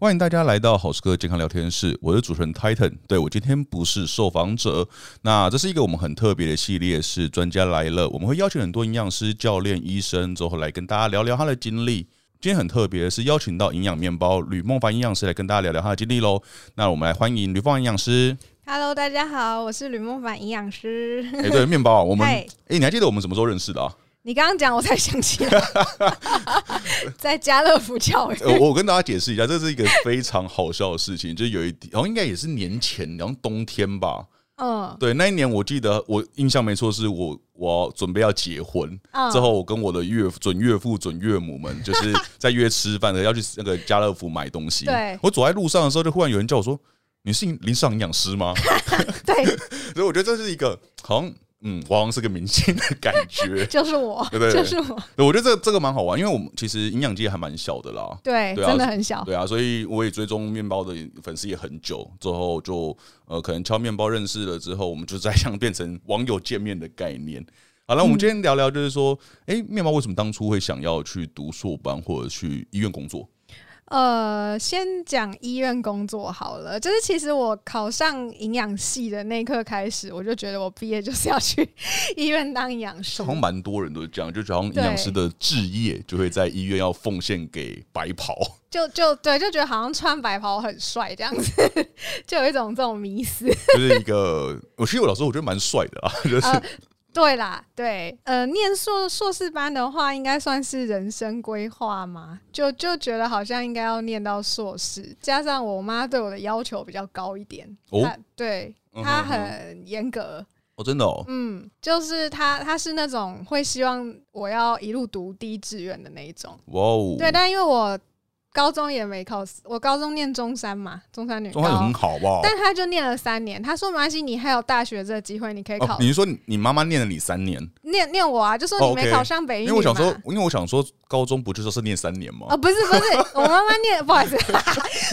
歡迎大家來到好食課健康聊天室，我是主持人 Titan。對，我今天不是受訪者，那這是一個我們很特別的系列，是專家來了，我們會邀請很多營養師、教練、醫生，最後來跟大家聊聊他的經歷。今天很特別，是邀請到營養麵包呂孟凡營養師來跟大家聊聊他的經歷嘍。那我們來歡迎呂孟凡營養師。Hello，大家好，我是呂孟凡營養師。哎、 欸，對，麵包，我們哎 Hey.、欸，你還記得我們什麼時候認識的啊？你剛剛講，我才想起來， 在家樂福叫我，我跟大家解釋一下，這是一個非常好笑的事情。就有一點，好像應該也是年前，然後冬天吧。嗯，對，那一年我記得，我印象沒錯，是我我要準備要結婚之、嗯、後，我跟我的岳父準岳父準岳母們，就是在約吃飯的， 要去那個家樂福買東西。對，我走在路上的時候，就忽然有人叫我說：“你是臨床營養師嗎？” 對，所以我覺得這是一個好像。嗯，華王是個明星的感覺， 就是我，對，對對，就是我。對，我覺得這個、這個蠻好玩，因為我們其實營養界還蠻小的啦，對，對啊，真的很小，對啊，所以我也追蹤面包的粉絲也很久，之後就呃，可能敲面包認識了之後，我們就在想變成網友見面的概念。好了，我們今天聊聊，就是說，哎、嗯，欸、麵包為什麼當初會想要去讀碩班或者去醫院工作？呃，先講醫院工作好了。就是其實我考上營養系的那一刻開始，我就覺得我畢業就是要去醫院當營養師。好像蠻多人都這樣，就覺得營養師的志業就會在醫院要奉獻給白袍。對就就對，就覺得好像穿白袍很帥這樣子，就有一種這種迷思。就是一個，我其實我老師我覺得蠻帥的啊，就是。呃對啦，對，呃，念碩碩士班的話，應該算是人生規劃嘛，就就覺得好像應該要念到碩士，加上我媽對我的要求比較高一點，哦、她對、uh huh. 她很嚴格，哦、uh，huh. oh, 真的哦，嗯，就是她她是那種會希望我要一路讀第一志願的那一種，哇哦，對，但因為我。高中也沒考，我高中念中山嘛，中山女高，中山很好，但她就念了三年。她說沒關係，你還有大學這個機會，你可以考。哦、你是說你媽媽念了你三年？念念我啊，就說你沒考上北一女嘛、哦 okay. 因為我想說，因為我想說，高中不就說是念三年嗎？哦，不是不是，我媽媽念， 不好意思，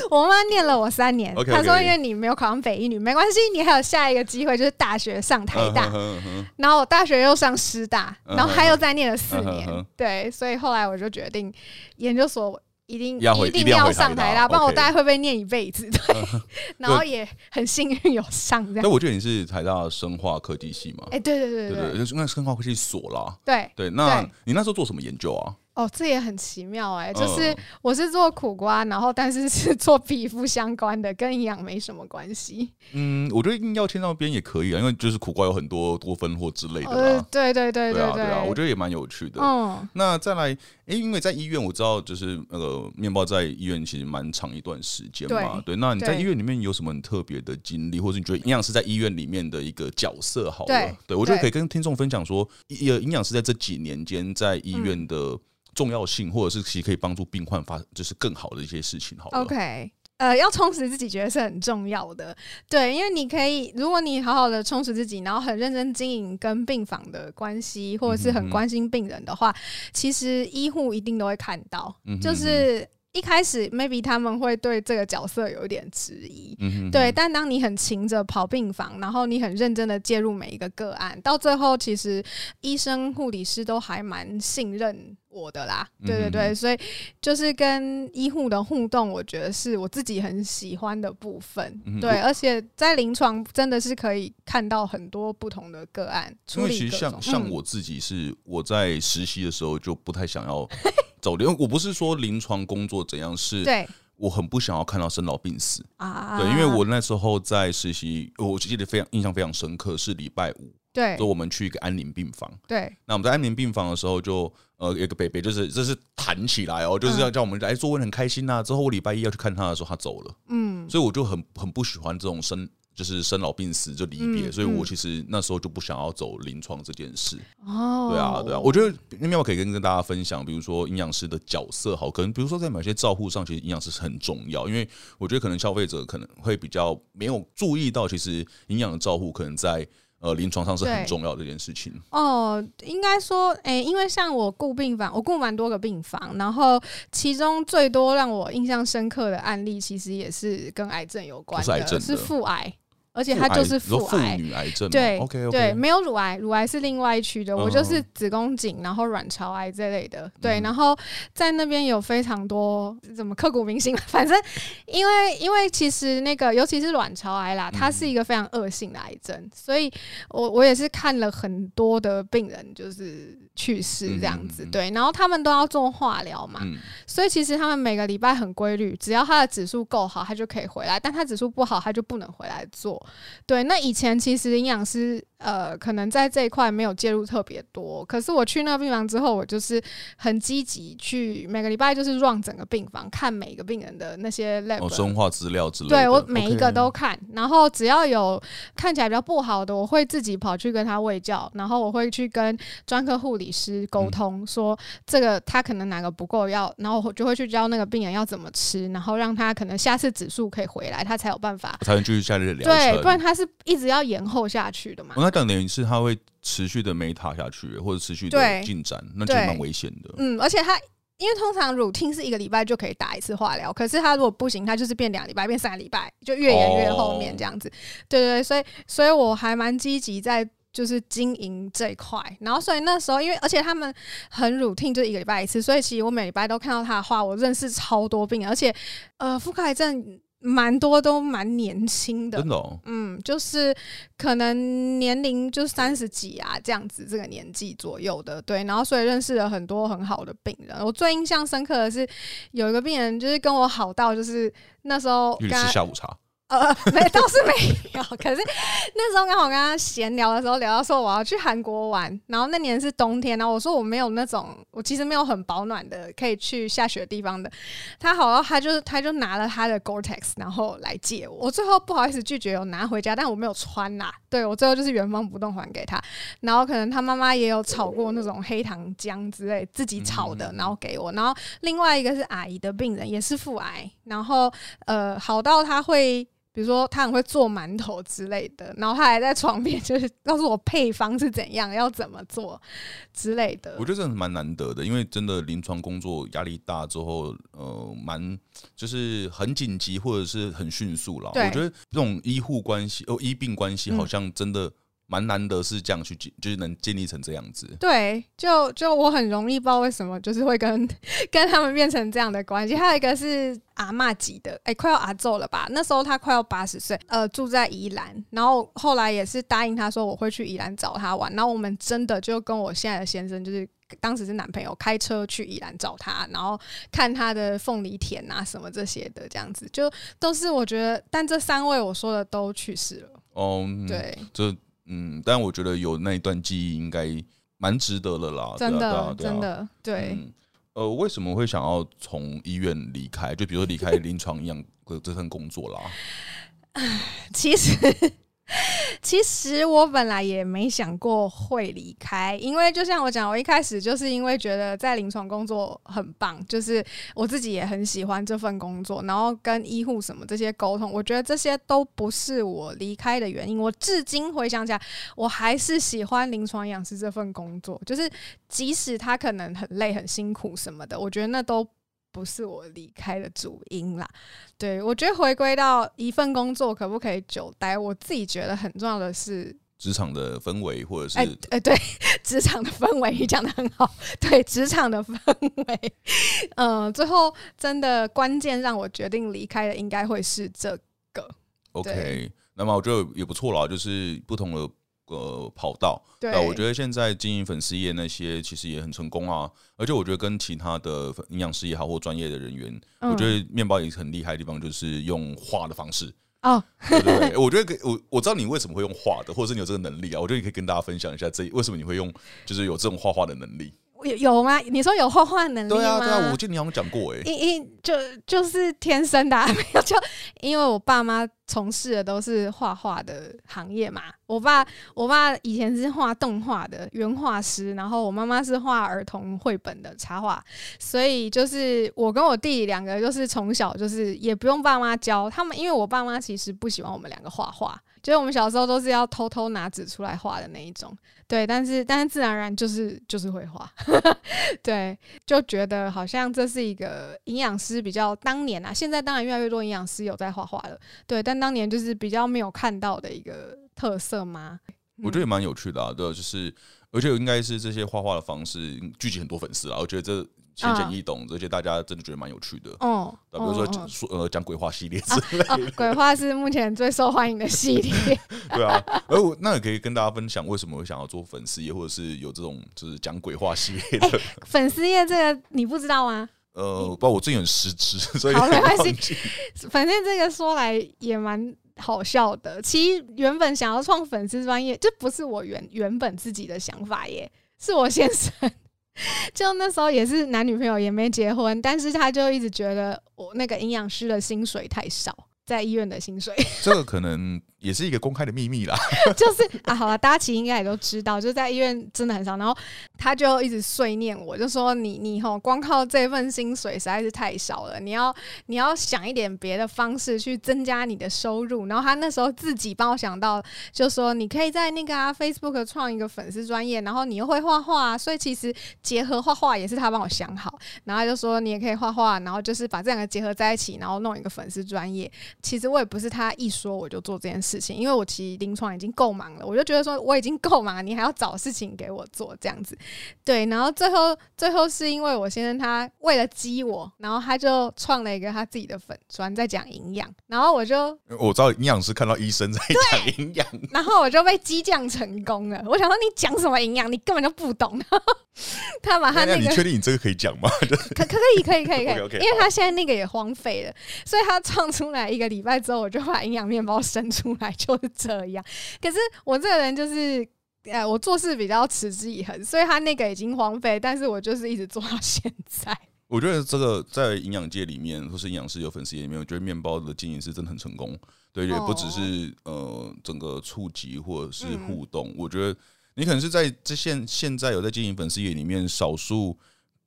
我媽媽念了我三年。她 Okay, okay. 說，因為你沒有考上北一女，沒關係，你還有下一個機會，就是大學上台大。Uh, huh, huh, huh. 然後我大學又上師大，然後她又再念了四年。Uh, huh, huh. 對，所以後來我就決定研究所。一定要回一定要台台上台啦，不然我大概會被念一輩子。Okay 對，然後也很幸運有上這樣。但我覺得你是台大生化科技系嘛？哎、欸，對對對對對，那是生化科技所啦。對對，那對你那時候做什麼研究啊？哦，這也很奇妙哎、欸，就是我是做苦瓜，然後但是是做皮膚相關的，跟營養沒什麼關係。嗯，我覺得硬要牽到邊也可以啊，因為就是苦瓜有很多多酚或之類的啦。哦、對對對對，對，對，對，對啊對啊，我覺得也蠻有趣的。嗯，那再來哎、欸，因為在醫院我知道就是那個麵包在醫院其實蠻長一段時間嘛。對，對，那你在醫院裡面有什麼很特別的經歷，或者你覺得營養師在醫院裡面的一個角色好了？對，對，我覺得可以跟聽眾分享說，有營養師在這幾年間在醫院的、嗯。重要性，或者是其實可以幫助病患發生，就是更好的一些事情好不好？OK，呃，要充實自己，覺得是很重要的。對，因為你可以，如果你好好的充實自己，然後很認真經營跟病房的關係，或者是很關心病人的話，嗯嗯其實醫護一定都會看到，嗯嗯就是。一開始，maybe 他們會對這個角色有一點質疑，嗯哼，對。但當你很勤着跑病房，然後你很認真的介入每一個個案，到最後，其實醫生、護理師都還蠻信任我的啦。嗯、哼對對對，所以就是跟醫護的互動，我覺得是我自己很喜歡的部分。嗯、哼對，而且在臨床真的是可以看到很多不同的個案，所以其實像種像我自己是我在實習的時候就不太想要。 因為我不是說臨床工作怎樣，是我很不想要看到生老病死啊。對，對，因為我那時候在實習，我我記得非常印象非常深刻，是禮拜五，對，就我們去一個安寧病房，對。那我們在安寧病房的時候就，就呃有個伯伯，就是就是彈起來哦，就是要叫我們來坐，我很開心吶、啊。之後我禮拜一要去看他的時候，他走了，嗯，所以我就很很不喜歡這種生。就是生老病死就離別，嗯嗯、所以我其實那時候就不想要走臨床這件事。哦，對啊，對啊，我覺得那邊我可以跟跟大家分享，比如說營養師的角色，好，可能比如說在某些照護上，其實營養師是很重要，因為我覺得可能消費者可能會比較沒有注意到，其實營養的照護可能在呃臨床上是很重要的這件事情。哦，應該說，哎、欸，因為像我顧病房，我顧蠻多個病房，然後其中最多讓我印象深刻的案例，其實也是跟癌症有關的，是父癌，癌。而且它就是婦女癌症，對 okay, okay 對，沒有乳癌，乳癌是另外一區的。我就是子宮頸，然後卵巢癌這類的。對，嗯、然後在那邊有非常多，怎麼刻骨銘心？反正因為因為其實那個，尤其是卵巢癌啦，它是一個非常惡性的癌症，嗯、所以我我也是看了很多的病人就是去世這樣子，嗯嗯嗯對，然後他們都要做化療嘛，嗯、所以其實他們每個禮拜很規律，只要他的指數夠好，他就可以回來，但他指數不好，他就不能回來做。對，那以前其實營養師呃，可能在這一塊沒有介入特別多。可是我去那個病房之後，我就是很積極去每個禮拜就是 run 整個病房，看每個病人的那些 lab、哦、生化資料之類的。對，我每一個都看，Okay 然後只要有看起來比較不好的，我會自己跑去跟他衛教然後我會去跟專科護理師溝通、嗯、說這個他可能哪個不夠要，然後我就會去教那個病人要怎麼吃，然後讓他可能下次指數可以回來，他才有辦法才能繼續下去聊。不然他是一直要延後下去的嘛。那、嗯、等於是他會持續的沒塌下去，或者持續有進展，對那就蠻危險的。嗯，而且他因為通常乳 e 是一個禮拜就可以打一次化療，可是他如果不行，他就是變兩禮拜，變三禮拜，就越延越後面這樣子。哦、對對，對所以所以我還蠻積極在就是經營這一塊。然後所以那時候因為而且他們很乳 e 就一個禮拜一次，所以其實我每禮拜都看到他話，我認識超多病，而且呃，婦科癌症。蠻多都蠻年輕的，真的哦，嗯，就是可能年齡就三十幾啊，這樣子這個年紀左右的，對，然後所以認識了很多很好的病人。我最印象深刻的是有一個病人，就是跟我好到就是那時候，律下午茶。呃，沒，倒是沒有。可是那時候剛好跟他閒聊的時候，聊到說我要去韓國玩，然後那年是冬天，然後我說我沒有那種，我其實沒有很保暖的可以去下雪的地方的。他好像，他就他就拿了他的 Gore-Tex，然後來借我。我最後不好意思拒絕，我拿回家，但我沒有穿啦。對，我最後就是原封不動還給他。然後可能他媽媽也有炒過那種黑糖漿之類，自己炒的，然後給我。然後另外一個是阿姨的病人，也是腹癌，然後呃好到他會。比如說，他很會做饅頭之類的，然後他還在床邊就是告訴我配方是怎樣，要怎麼做之類的。我覺得這樣是蠻難得的，因為真的臨床工作壓力大之後，呃，蠻就是很緊急或者是很迅速了。對我覺得這種醫護關係哦、呃、醫病關係好像真的、嗯。蠻難得是這樣去建，就是能建立成這樣子。對，就就我很容易不知道為什麼，就是會跟跟他們變成這樣的關係。還有一個是阿嬤級的，哎、欸，快要阿祖了吧？那時候他快要八十歲，呃，住在宜蘭。然後後來也是答應他說我會去宜蘭找他玩。然後我們真的就跟我現在的先生，就是當時是男朋友，開車去宜蘭找他，然後看他的鳳梨田啊什麼這些的，這樣子就都是我覺得。但這三位我說的都去世了。哦，um, 對，就。嗯，但我覺得有那一段記憶應該蠻值得的啦，真的，對啊對啊，真的，對，嗯。呃，為什麼會想要從醫院離開？就比如說離開臨床營養的這份工作啦。 其實。其實我本來也沒想過會離開，因為就像我講，我一開始就是因為覺得在臨床工作很棒，就是我自己也很喜歡這份工作，然後跟醫護什麼這些溝通，我覺得這些都不是我離開的原因。我至今回想起來，我還是喜歡臨床營養師這份工作，就是即使他可能很累、很辛苦什麼的，我覺得那都。不是我離開的主因啦，對，我覺得回歸到一份工作可不可以久待，我自己覺得很重要的是職場的氛圍，或者是哎、欸欸、對，職場的氛圍你講得很好，對職場的氛圍，嗯，最後真的關鍵讓我決定離開的應該會是這個。OK，那麼我覺得也不錯啦，就是不同的。呃，跑道，那對我覺得現在經營粉絲業那些其實也很成功啊，而且我覺得跟其他的營養師也好或專業的人員，嗯、我覺得面包也是很厲害的地方，就是用畫的方式哦，對,對,對，我覺得可以，我我知道你為什麼會用畫的，或者是你有這個能力啊，我覺得你可以跟大家分享一下這一，這為什麼你會用，就是有這種畫畫的能力。有有嗎？你說有畫畫能力嗎？對啊對啊，我記得你好像講過哎、欸。因因就就是天生的、啊，就 因為我爸媽從事的都是畫畫的行業嘛。我爸我爸以前是畫動畫的原畫師，然後我媽媽是畫兒童繪本的插畫，所以就是我跟我弟弟兩個就是從小就是也不用爸媽教他們，因為我爸媽其實不喜歡我們兩個畫畫。所以我們小時候都是要偷偷拿紙出來畫的那一種，對，但是但是自然而然就是就是會畫，對，就覺得好像這是一個營養師比較當年啊，現在當然越來越多營養師有在畫畫了，對，但當年就是比較沒有看到的一個特色嘛，我覺得也蠻有趣的啊，對，就是。而且我應該是這些畫畫的方式聚集很多粉絲了，我覺得這淺顯易懂，而且大家真的覺得蠻有趣的。嗯，比如說說呃講鬼話系列之類的，鬼話是目前最受歡迎的系列。對啊，而我，那也可以跟大家分享為什麼我想要做粉絲頁，或者是有這種就是講鬼話系列的粉絲頁，這個你不知道嗎？呃，不知道，我我最近很失職，所以沒關係，反正這個說來也蠻。好笑的，其原本想要創粉絲專頁，這不是我原原本自己的想法耶，是我先生。就那時候也是男女朋友，也沒結婚，但是他就一直覺得我那個營養師的薪水太少，在醫院的薪水，這個可能。也是一個公開的秘密啦，就是啊，好了，大家其實應該也都知道，就在醫院真的很少。然後他就一直碎念我，就說你你吼，光靠這份薪水實在是太少了，你要你要想一點別的方式去增加你的收入，然後他那時候自己幫我想到，就說你可以在那個啊 Facebook 創一個粉絲專頁，然後你又會畫畫，所以其實結合畫畫也是他幫我想好，然後他就說你也可以畫畫，然後就是把這兩個結合在一起，然後弄一個粉絲專頁，其實我也不是他一說我就做這件事。事情，因為我其實臨床已經夠忙了，我就覺得說我已經夠忙了，你還要找事情給我做這樣子，對。然後最後最後是因為我先生他為了激我，然後他就創了一個他自己的粉專，在講營養，然後我就我知道營養師看到醫生在講營養，然後我就被激將成功了。我想說你講什麼營養，你根本就不懂。他把他那個你確定你這個可以講嗎？可可可以可以可以可以，因為他現在那個也荒廢了，所以他創出來一個禮拜之後，我就把營養面包生出來。本來就是這樣，可是我這個人就是，呃，我做事比較持之以恆，所以他那個已經荒廢，但是我就是一直做到現在。我覺得這個在營養界裡面，或是營養師有粉絲頁裡面，我覺得麵包的經營是真的很成功，哦、對，也不只是呃整個觸及或者是互動。嗯、我覺得你可能是在這現現在有在經營粉絲頁裡面少數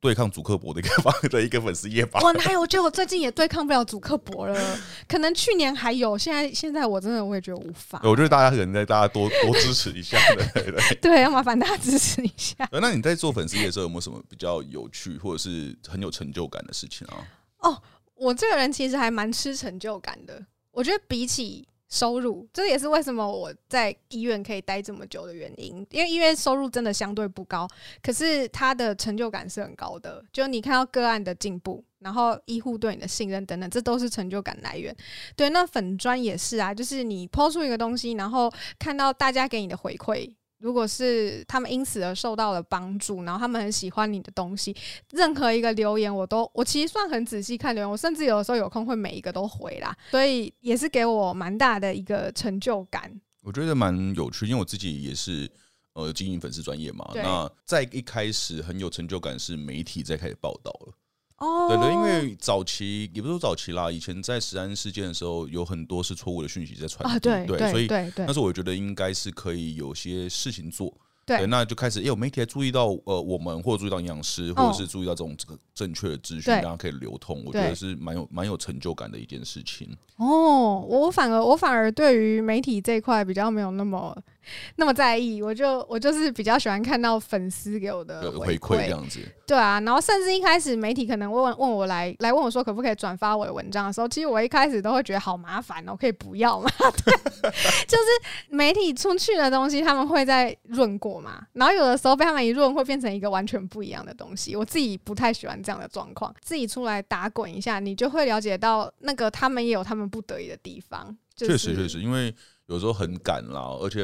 對抗祖克柏的一個方的一個粉絲頁吧。我哪有？我覺得我最近也對抗不了祖克柏了。 可能去年還有，現在現在我真的我也覺得無法。我覺得大家可能在大家多多支持一下對，對對。對，要麻煩大家支持一下。那你在做粉絲頁的時候，有沒有什麼比較有趣或者是很有成就感的事情啊？哦，我這個人其實還蠻吃成就感的。我覺得比起。收入，這也是為什麼我在醫院可以待這麼久的原因。因為醫院收入真的相對不高，可是它的成就感是很高的。就你看到個案的進步，然後醫護對你的信任等等，這都是成就感來源。對，那粉專也是啊，就是你拋出一個東西，然後看到大家給你的回饋。如果是他們因此而受到了幫助，然後他們很喜歡你的東西，任何一個留言我都，我其實算很仔細看留言，我甚至有的時候有空會每一個都回啦，所以也是給我蠻大的一個成就感。我覺得蠻有趣，因為我自己也是呃經營粉絲專業嘛，對那在一開始很有成就感是媒體在開始報道了。哦，oh, 對對，因為早期也不是說早期啦，以前在食安事件的時候，有很多是錯誤的訊息在傳遞、啊，對對，對對，所以，但是我覺得應該是可以有些事情做，對，對，那就開始哎呦媒體還注意到，呃，我們或者注意到營養師，或者是注意到這種這個正確的資訊，大家、oh, 可以流通，我覺得是蠻有蠻有成就感的一件事情。哦，oh, 我反而我反而對於媒體這一塊比較沒有那麼，那麼在意，我就我就是比較喜歡看到粉絲給我的回饋這樣子。對啊，然後甚至一開始媒體可能問問我來來問我說可不可以轉發我的文章的時候，其實我一開始都會覺得好麻煩哦，我可以不要嘛？對， 就是媒體出去的東西，他們會在潤過嘛？然後有的時候被他們一潤，會變成一個完全不一樣的東西。我自己不太喜歡這樣的狀況，自己出來打滾一下，你就會了解到那個他們也有他們不得已的地方。就是、確實確實，因為。有時候很趕啦，而且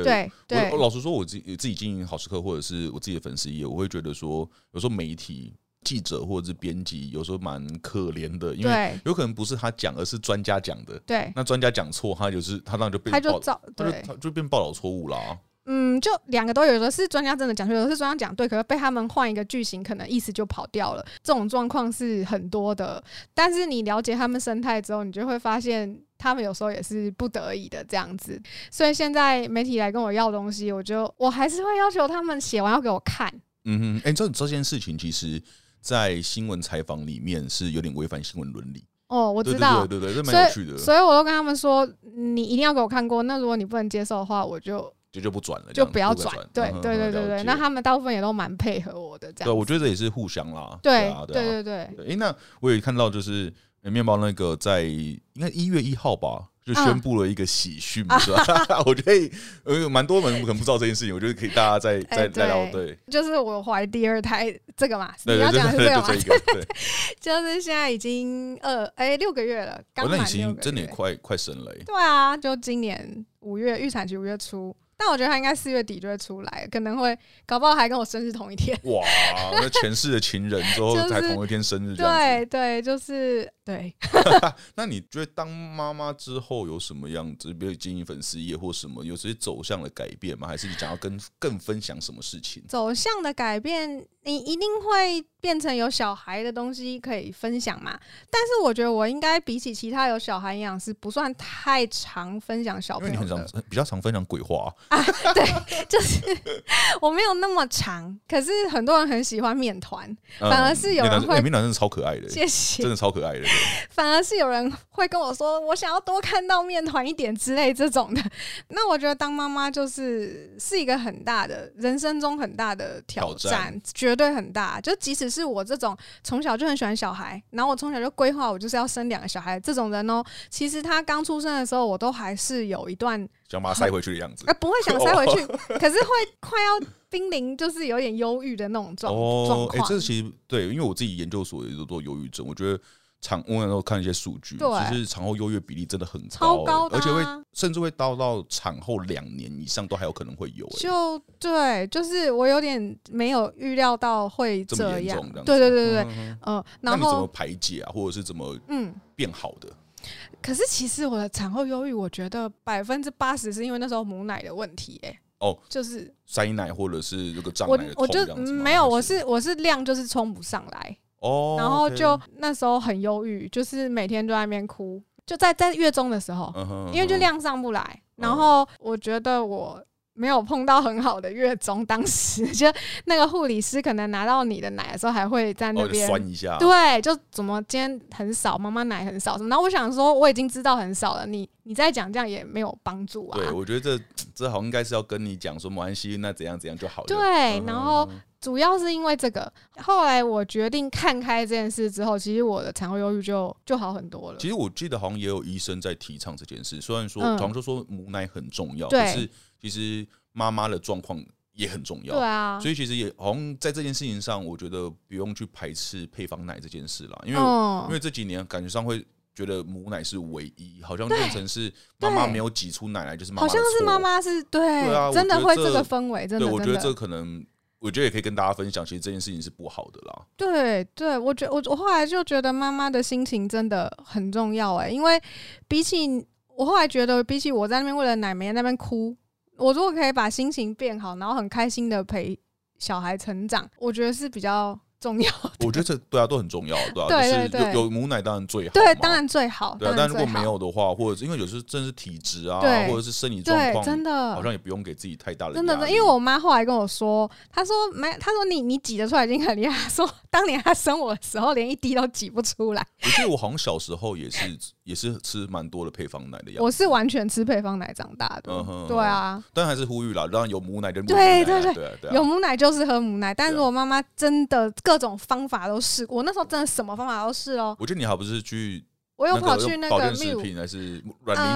我老實說，我自自己經營好食課，或者是我自己的粉絲也，我會覺得說，有時候媒體記者或者是編輯，有時候蠻可憐的，因為有可能不是他講，而是專家講的。對，那專家講錯，他就是他當然就被他就造，對他，就他就變報道錯誤啦，嗯，就兩個都有，有的是專家真的講錯，有的是專家講對，可是被他們換一個句型，可能意思就跑掉了。這種狀況是很多的，但是你了解他們生態之後，你就會發現。他們有時候也是不得已的這樣子，所以現在媒體來跟我要東西，我就我還是會要求他們寫完要給我看。嗯哼，哎、欸，這這件事情其實，在新聞採訪裡面是有點違反新聞倫理。哦，我知道，對,對對對對，這蠻有趣的。所以，所以我都跟他們說，你一定要給我看過。那如果你不能接受的話，我就就就不轉了，就不,就不要轉。對對對對對， 了解。那他們大部分也都蠻配合我的這樣。對，我覺得也是互相啦。對對對對。哎、欸，那我也看到就是。麵包那個在應該一月一號吧，就宣布了一個喜訊，是吧？我覺得有蠻多人可能不知道這件事情，我覺得可以大家再再再聊。欸、對，就是我懷第二胎這個嘛，對對對，你要講是這個嘛，就這一個，對 就是現在已經呃，哎、欸，六個月了，我那已經真的也快快生了。對啊，就今年五月預產期五月初。但我覺得他應該四月底就會出來，可能會搞不好還跟我生日同一天。哇，那前世的情人之、 就是、後才同一天生日，對對，就是對。 那你覺得當媽媽之後有什麼樣子，比如經營粉絲業或什麼，有這些走向的改變嗎？還是你想要跟更分享什麼事情？走向的改變。你一定會變成有小孩的東西可以分享嘛，但是我覺得我應該比起其他有小孩營養師，不算太常分享小朋友。因為，你很常比較常分享鬼話啊，啊對， 就是我沒有那麼常，可是很多人很喜歡麵團，嗯、反而是有人會面麵團真的超可愛的，謝謝，真的超可愛的。反而是有人會跟我說，我想要多看到麵團一點之類這種的。那我覺得當媽媽就是，是一個很大的，人生中很大的挑戰，戰。對很大，就即使是我這種從小就很喜歡小孩，然後我從小就規劃我就是要生兩個小孩這種人哦、喔，其實他剛出生的時候，我都還是有一段想把他塞回去的樣子，哎、嗯呃，不會想塞回去，哦、可是會快要瀕臨， 就是有點憂鬱的那種狀況。哎、哦況欸，這其實對，因為我自己研究所也做憂鬱症，我覺得。產我有時候看一些數據，其實產後憂鬱比例真的很高。欸，超高。啊，而且會甚至會到到產後兩年以上都還有可能會有，欸。就對，就是我有點沒有預料到會這樣，這麼嚴重。對對對對對，嗯哼，嗯呃，那你怎麼排解啊，或者是怎麼嗯變好的，嗯？可是其實我的產後憂鬱，我覺得百分之八十是因為那時候母奶的問題，欸，哎哦，就是塞奶或者是個這個脹奶，我就，嗯，沒有，就是，我是我是量就是衝不上來。哦，oh, 然後就那時候很憂鬱，Okay. 就是每天都在那邊哭，就在在月中的時候，uh huh. 因為就量上不來。Uh huh. 然後我覺得我沒有碰到很好的月中當時，uh huh. 當時就那個護理師可能拿到你的奶的時候，還會在那邊酸一下。Uh huh. 對，就怎麼今天很少，媽媽奶很少什麼。然後我想說，我已經知道很少了，你你再講這樣也沒有幫助啊。對，我覺得這這好像應該是要跟你講說沒關係，那怎樣怎樣就好了。對，uh huh. 然後。主要是因為這個，後來我決定看開這件事之後，其實我的產後憂鬱就就好很多了。其實我記得好像也有醫生在提倡這件事，雖然說，比方、嗯、說母奶很重要，對可是其實媽媽的狀況也很重要。對啊，所以其實也好像在這件事情上，我覺得不用去排斥配方奶這件事了，因為、嗯、因為這幾年感覺上會覺得母奶是唯一，好像變成是媽媽對沒有擠出奶來，就是媽媽對好像是媽媽是對，對啊、真的會這個氛圍，真的，對，我覺得這可能。我覺得也可以跟大家分享，其實這件事情是不好的啦。對，對，我覺得我我後來就覺得媽媽的心情真的很重要哎、欸，因為比起我後來覺得比起我在那邊為了奶在那邊哭，我如果可以把心情變好，然後很開心的陪小孩成長，我覺得是比較。重要，我覺得這對啊都很重要，對啊， 對對對對就是有有母奶當然最好，對，當然最好，最好對啊。但如果沒有的話，或者是因為有時候真是體質啊，對，或者是生理狀況，真的好像也不用給自己太大的壓力。真的，真的，因為我媽後來跟我說，她說沒，她說你你擠得出來已經很厲害，說當年她生我的時候連一滴都擠不出來。我記得我好像小時候也是。 也是吃蠻多的配方奶的樣子，我是完全吃配方奶長大的，嗯、哼哼對啊，但還是呼籲啦，讓有母奶的母奶，啊，對對對，有母奶就是喝母奶，但如果媽媽真的各種方法都試，啊、我那時候真的什麼方法都試哦。我覺得你還不是去。我又跑去那個卵磷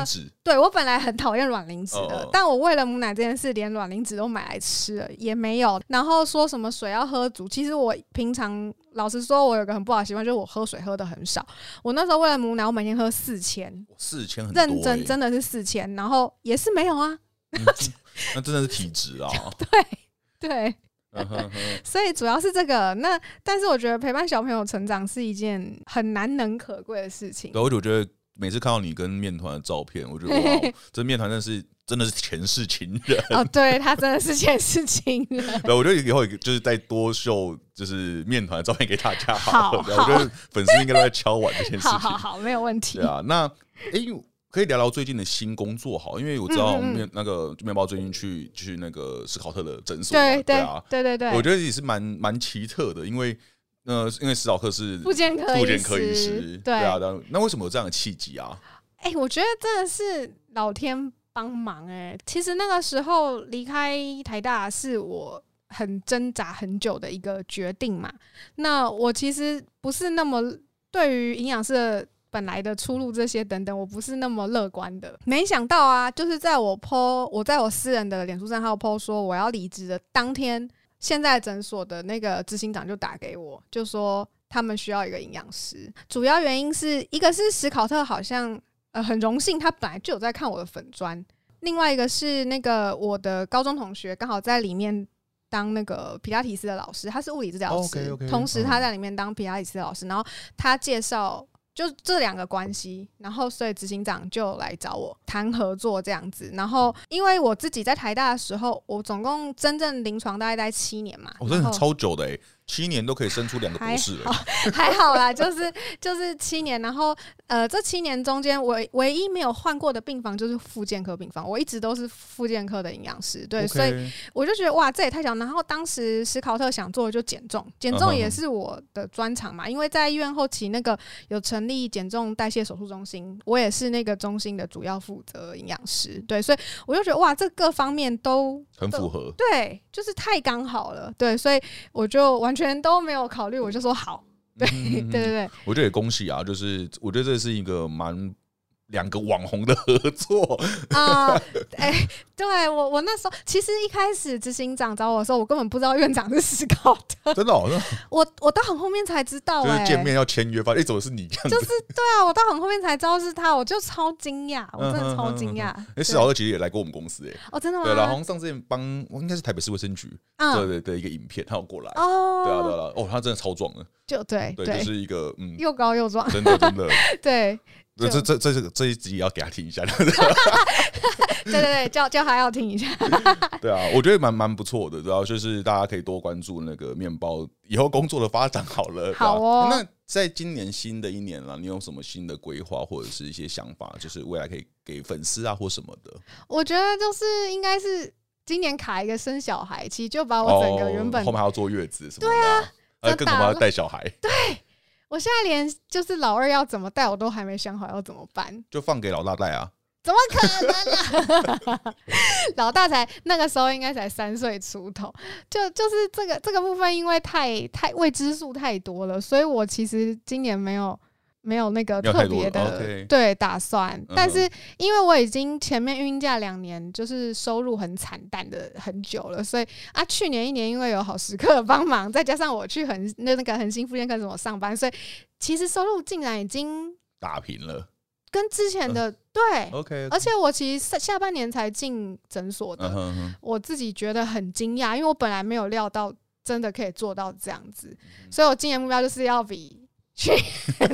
脂、呃。對，我本來很討厭卵磷脂的，呃、但我為了母奶這件事，連卵磷脂都買來吃了，也沒有。然後說什麼水要喝足，其實我平常老實說，我有個很不好的習慣，就是我喝水喝的很少。我那時候為了母奶，我每天喝四千，四千很多、欸、認真，真的是四千，然後也是沒有啊。嗯、 那真的是體質啊，對 對。對所以主要是這個，那但是我覺得陪伴小朋友成長是一件很難能可貴的事情。對，我就覺得每次看到你跟麵團的照片，我覺得哇， 這麵團真的是真的是前世情人啊、 哦！對，他真的是前世情人。對，我覺得以後就是再多秀就是麵團的照片給大家，好好， 好我覺得粉絲應該都在敲碗這件事情。 好好，好，沒有問題。對啊。那哎呦。可以聊聊最近的新工作。好，因為我知道麵、嗯嗯嗯、那個麵包最近去去那個斯考特的診所，對，對啊，對對對，對，我覺得也是蠻蠻奇特的，因為呃，因為斯考特是婦產科醫師，不對啊，對那，那為什麼有這樣的契機啊？哎、欸，我覺得真的是老天幫忙哎、欸。其實那個時候離開台大是我很掙扎很久的一個決定嘛。那我其實不是那麼對於營養師的。本來的出路這些等等，我不是那麼樂觀的。沒想到啊，就是在我 PO，我在我私人的臉書賬號 PO 說我要離職的當天，現在診所的那個執行長就打給我，就說他們需要一個營養師。主要原因是一個是史考特好像呃很榮幸，他本來就有在看我的粉專；另外一個是那個我的高中同學剛好在裡面當那個皮拉提斯的老師，他是物理治療師，oh, okay, okay. 同時他在裡面當皮拉提斯的老師，然後他介紹。就這兩個關係，然後所以執行長就來找我談合作這樣子，然後因為我自己在台大的時候，我總共真正臨床大概待七年嘛，我真的超久的欸七年都可以生出兩個博士了，還好啦，就是就是七年，然後呃，這七年中間唯唯一沒有換過的病房就是復健科病房，我一直都是復健科的營養師，對，Okay 所以我就覺得哇，這也太巧，然後當時史考特想做就減重，減重也是我的專長嘛，因為在醫院後期那個有成立減重代謝手術中心，我也是那個中心的主要負責營養師，對，所以我就覺得哇，這各方面都很符合，對，就是太剛好了，對，所以我就完全。全都沒有考慮，我就說好。對、嗯、哼哼，對對對，我覺得也恭喜啊，就是我覺得這是一個蠻。兩個網紅的合作啊！哎，對，我我那時候其實一開始執行長找我的時候，我根本不知道院長是司高的，真的。我我到很後面才知道，就是見面要簽約吧？哎，怎麼是你？就是對啊，我到很後面才知道是他，我就超驚訝，我真的超驚訝。哎，司高的姐姐也來過我們公司，哎，哦，真的嗎？對，老洪上次幫應該是台北市衛生局，對對對，一個影片他有過來哦。對啊，對啊，哦，他真的超壯的，就對對，就是一個嗯，又高又壯，真的真的對。就 這這這這這一集也要給他聽一下，對 對，對對，叫叫他要聽一下 對。對啊，我覺得蠻蠻不錯的，主要、啊、就是大家可以多關注那個麵包以後工作的發展好了。啊、好哦，那在今年新的一年了，你有什麼新的規劃或者是一些想法，就是未來可以給粉絲啊或什麼的？我覺得就是應該是今年卡一個生小孩，其實就把我整個原本，哦、後面還要坐月子什麼的，啊，更恐怖要帶小孩。對。我現在連就是老二要怎麼帶，我都還沒想好要怎麼辦。就放給老大帶啊？怎麼可能啊！ 老大才那個時候應該才三歲出頭就，就就是這個這個部分，因為太太未知數太多了，所以我其實今年沒有，沒有那個特別的、okay、對打算，嗯、哼 但是因為我已經前面孕假兩年，就是收入很慘淡的很久了，所以啊，去年一年因為有好食課幫忙，再加上我去恆那那個恆星復健科，我上班，所以其實收入竟然已經打平了，跟之前的對 okay, okay 而且我其實下半年才進診所的，嗯、哼哼我自己覺得很驚訝，因為我本來沒有料到真的可以做到這樣子，嗯、哼所以我今年目標就是要比。去，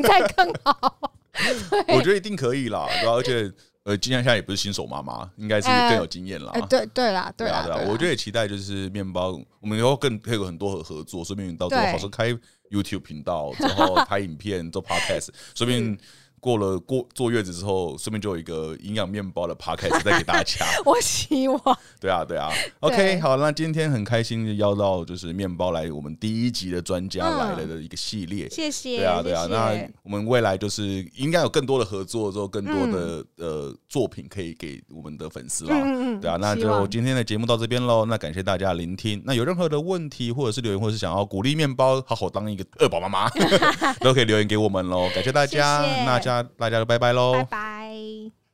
才 更好， 對 我覺得一定可以啦，對吧、啊？而且，呃，金香現在也不是新手媽媽，應該是更有經驗啦、呃呃、啦。對對啦，對，啊對，啊對啦，對啦，我覺得也期待，就是麵包，我們以後更配合很多的合作，順便到最後，到時候好開 YouTube 頻道，然後拍影片做 podcast，順對 pod 便。嗯過了過坐月子之後，順便就有一個營養面包的 Podcast 再給大家。 我希望對啊對啊，OK 對好，那今天很開心，邀到就是面包來我們第一集的專家來了的一個系列。嗯、謝謝。對啊對啊，對啊謝謝那我們未來就是應該有更多的合作，之後，更多的、嗯、呃作品，可以給我們的粉絲啦。嗯嗯。對啊，那就今天的節目到這邊嘍。那感謝大家聆聽。那有任何的問題，或者是留言，或者是想要鼓勵面包好好當一個二寶媽媽， 都可以留言給我們嘍。感謝大家，謝謝那家。大家就拜拜嘍！拜拜。